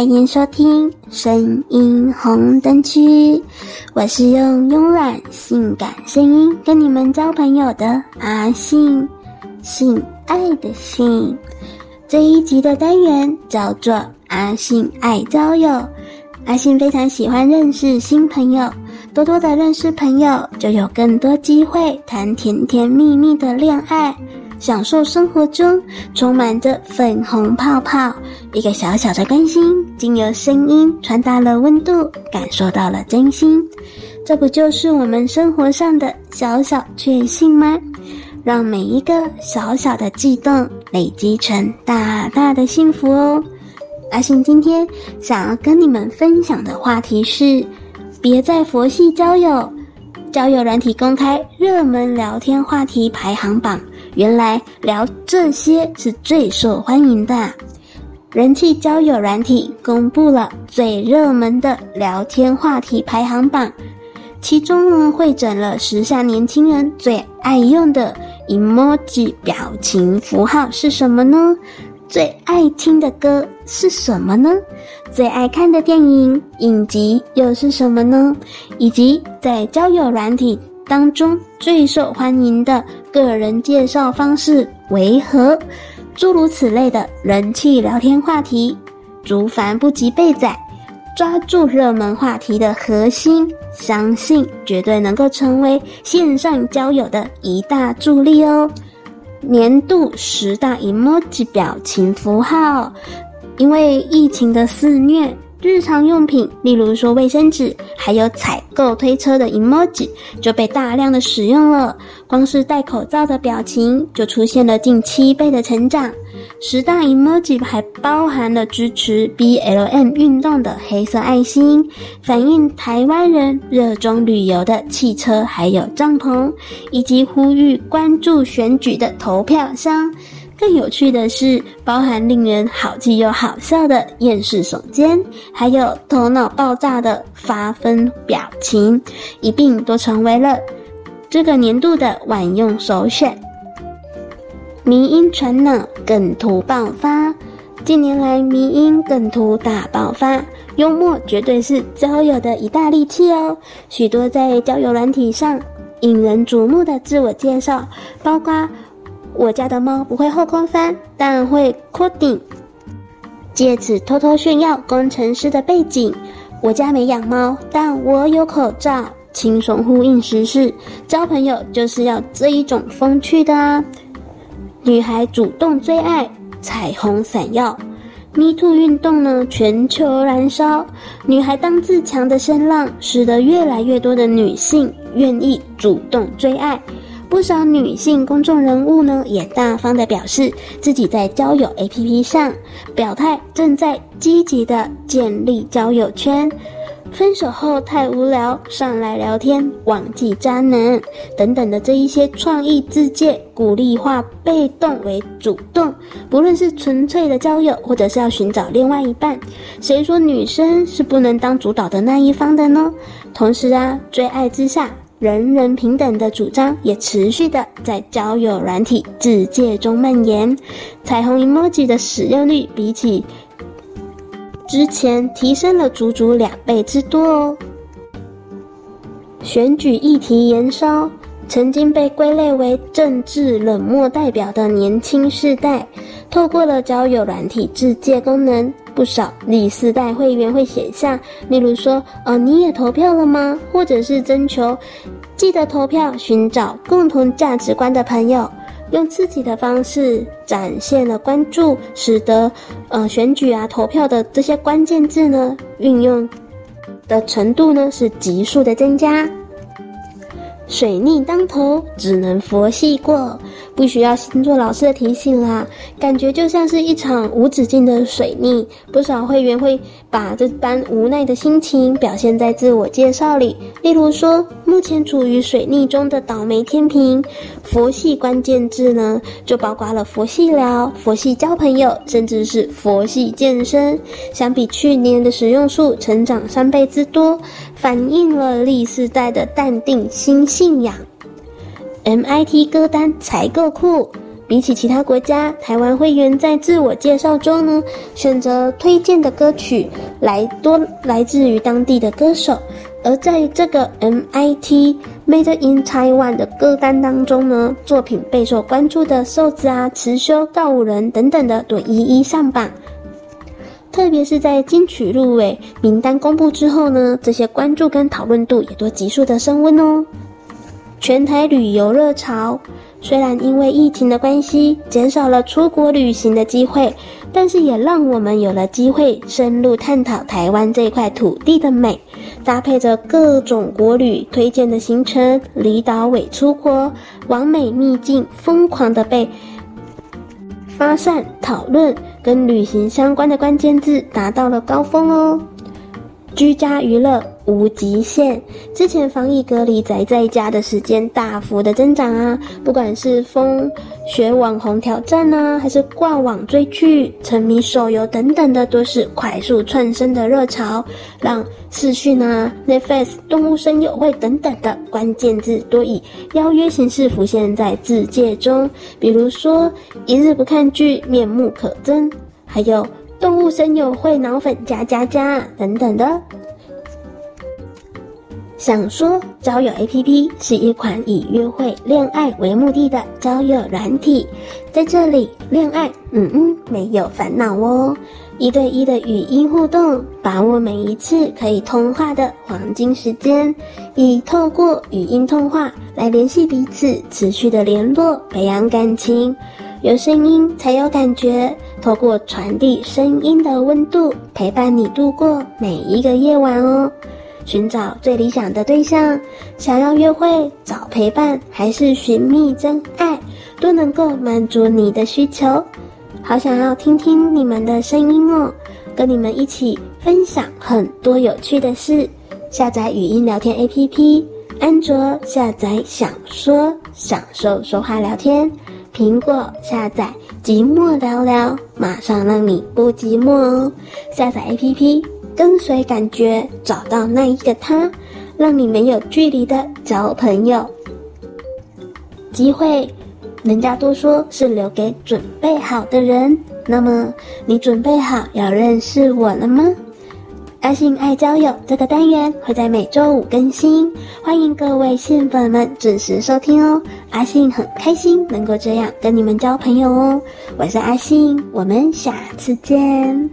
歡迎收聽聲音紅燈區，我是用慵懶性感聲音跟你們交朋友的阿性，性愛的性。這一集的單元叫做阿性愛交友，阿性非常喜歡認識新朋友。多多的認識朋友，就有更多機會談甜甜蜜蜜的戀愛，享受生活中充滿着粉紅泡泡。一個小小的關心，經由聲音傳達了溫度，感受到了真心。這不就是我們生活上的小小確幸嗎？讓每一個小小的悸動累積成大大的幸福哦。阿性今天想要跟你們分享的話題是。別再佛系交友，交友軟體公開熱門聊天話題排行榜，原來聊這些是最受歡迎的。人氣交友軟體公布了最熱門的聊天話題排行榜，其中呢，彙整了時下年輕人最愛用的 emoji 表情符號是什麼呢？最愛聽的歌是什麼呢？最愛看的電影影集又是什麼呢？以及在交友軟體當中最受歡迎的個人介紹方式為何？諸如此類的人氣聊天話題，族繁不及備載，抓住熱門話題的核心，相信絕對能夠成為線上交友的一大助力哦。年度十大 emoji 表情符號，因為疫情的肆虐，日常用品，例如說衛生紙，還有採購推車的 emoji 就被大量的使用了。光是戴口罩的表情就出現了近七倍的成長。十大 emoji 還包含了支持 BLM 運動的黑色愛心，反映台灣人熱衷旅遊的汽車還有帳篷，以及呼籲關注選舉的投票箱。更有趣的是，包含令人好氣又好笑的厭世聳肩，還有頭腦爆炸的發瘋表情，一並都成為了這個年度的萬用首選。迷因傳腦梗圖爆發，近年來迷因梗圖大爆發，幽默絕對是交友的一大利器哦。許多在交友軟體上引人矚目的自我介紹，包括。我家的貓不會後空翻，但會 coding。借此偷偷炫耀工程師的背景。我家沒養貓，但我有口罩。輕鬆呼應時事，交朋友就是要這一種風趣的啊！女孩主動追愛，彩虹閃耀。咪兔運動呢，全球燃燒。女孩當自強的聲浪，使得越來越多的女性願意主動追愛。不少女性公眾人物呢，也大方的表示自己在交友 APP 上表態，正在積極的建立交友圈。分手後太無聊，上來聊天，忘記渣男，等等的這一些創意自介，鼓勵化被動為主動。不論是純粹的交友，或者是要尋找另外一半，誰說女生是不能當主導的那一方的呢？同時啊，追愛之下，人人平等的主張也持續的在交友軟體自介中蔓延，彩虹 emoji 的使用率比起之前提升了足足兩倍之多哦。選舉議題延燒，曾經被歸類為政治冷漠代表的年輕世代，透過了交友軟體自介功能，不少第四代會員會寫下，例如說，呃、哦，你也投票了嗎？或者是徵求，記得投票，尋找共同價值觀的朋友，用自己的方式展現了關注，使得，呃，選舉啊，投票的這些關鍵字呢，運用的程度呢是急速的增加。水逆當頭，只能佛系過。不需要星座老師的提醒啦，感覺就像是一場無止境的水逆。不少會員會把這般無奈的心情表現在自我介紹裡，例如說目前處於水逆中的倒霉天平，佛系關鍵字呢就包括了佛系聊、佛系交朋友，甚至是佛系健身。相比去年的使用數，成長三倍之多，反映了新世代的淡定新信仰。MIT 歌單採購庫，比起其他國家，台灣會員在自我介紹中呢，選擇推薦的歌曲來多來自於當地的歌手。而在這個 MIT Made in Taiwan 的歌單當中呢，作品備受關注的瘦子啊、持修、告五人等等的都一一上榜。特別是在金曲入圍名單公布之後呢，這些關注跟討論度也都急速的升溫哦。全台旅遊熱潮，雖然因為疫情的關係減少了出國旅行的機會，但是也讓我們有了機會深入探討台灣這塊土地的美，搭配着各種國旅推薦的行程，離島偽出國、網美秘境，瘋狂的被發散討論，跟旅行相關的關鍵字達到了高峰哦。居家娛樂無極限，之前防疫隔離宅在家的時間大幅的增長啊，不管是風雪網紅挑戰啊，還是掛網追劇、沉迷手遊等等的，都是快速竄升的熱潮，讓視訊啊 Netflix、動物森友會等等的關鍵字都以邀約形式浮現在字界中，比如說一日不看劇面目可憎，還有。動物森友會腦粉加加加等等的。享說交友 A P P 是一款以約會戀愛為目的的交友軟體，在這裡戀愛，嗯嗯，沒有煩惱哦。一對一的語音互動，把握每一次可以通話的黃金時間，以透過語音通話來聯繫彼此，持續的聯絡，培養感情。有聲音才有感覺，透過傳遞聲音的溫度，陪伴你度過每一個夜晚哦。尋找最理想的對象，想要約會，找陪伴，還是尋覓真愛，都能夠滿足你的需求。好想要聽聽你們的聲音哦，跟你們一起分享很多有趣的事。下載語音聊天 APP，安卓下載，享說，享受說話聊天。蘋果下載寂寞聊聊，馬上讓你不寂寞哦！下載 APP，跟隨感覺，找到那一個他，讓你沒有距離的交朋友。機會，人家都說是留給準備好的人，那麼你準備好要認識我了嗎？阿性愛交友這個單元會在每周五更新，歡迎各位性粉們準時收聽哦。阿性很開心能夠這樣跟你們交朋友哦。我是阿性，我們下次見。